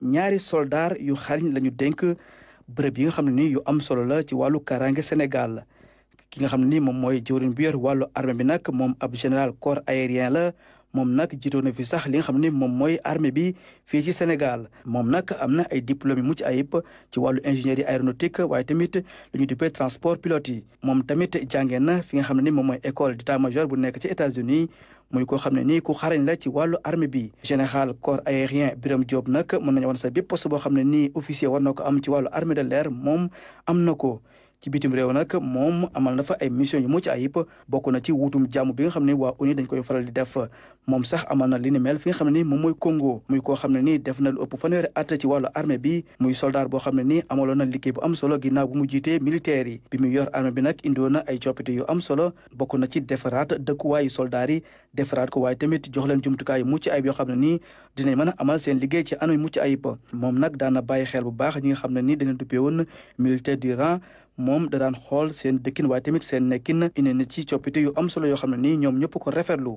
ñaari soldaar yu xariñ lañu dénk bërëb yi nga xam ne ni yu am solo la ci wàllu kaaraange Sénégal ki nga xam ne ni moom mooy jëwriñ bu yor wàllu armée bi nag moom ab général corps aérien la moom nag jiitoon na fi sax li nga xam ne moom mooy armée bi fii ci Sénégal moom nag am na ay diplôme yu mucc ayib ci wàllu ingénierie aéronautique waaye tamit lu ñu duppee transport pilote moom tamit jàngee na fi nga xam ne ni moom mooy école d'état-major bu nekk ci États-Unis moy ko xam ne nii ku xarañ la ci wàllu armée bi général corps aérien Birame Diop nag mën nañu wan sa bépp poste boo xam ne nii officier war na ko am ci wàllu armée de l'air moom am na ko ci bitim réew nag moom amal na fa ay mission yu mucc ayib bokk na ci wutum jàmm bi nga xam ne waa ONU dañ koy faral di def moom sax amal na li ni mel fi nga xam ni moom mooy Congo muy koo xam ne nii def na lu ëpp fanweeri ci wàllu armée bi muy soldat boo xam ne nii amaloon na liggéey bu am solo ginnaaw mu jiitee militaire yi bi muy yor armée bi nag indiwoon na ay coppite yu am solo bokk na ci defaraat dëkkuwaayu soldat yi defaraat ko waaye tamit jox leen jumtukaay yu mucc ayib yoo xam ne nii dinañ mën a amal seen liggéey ci anam mucc ayib moom nag daana bàyyi xel bu baax ñi nga xam ne nii dañu duppee woon militaire du rang moom da xool seen dëkkin waaye tamit seen nekkin indi na ci coppite yu am solo yoo xam ne nii ñoom ñëpp ko rafetlu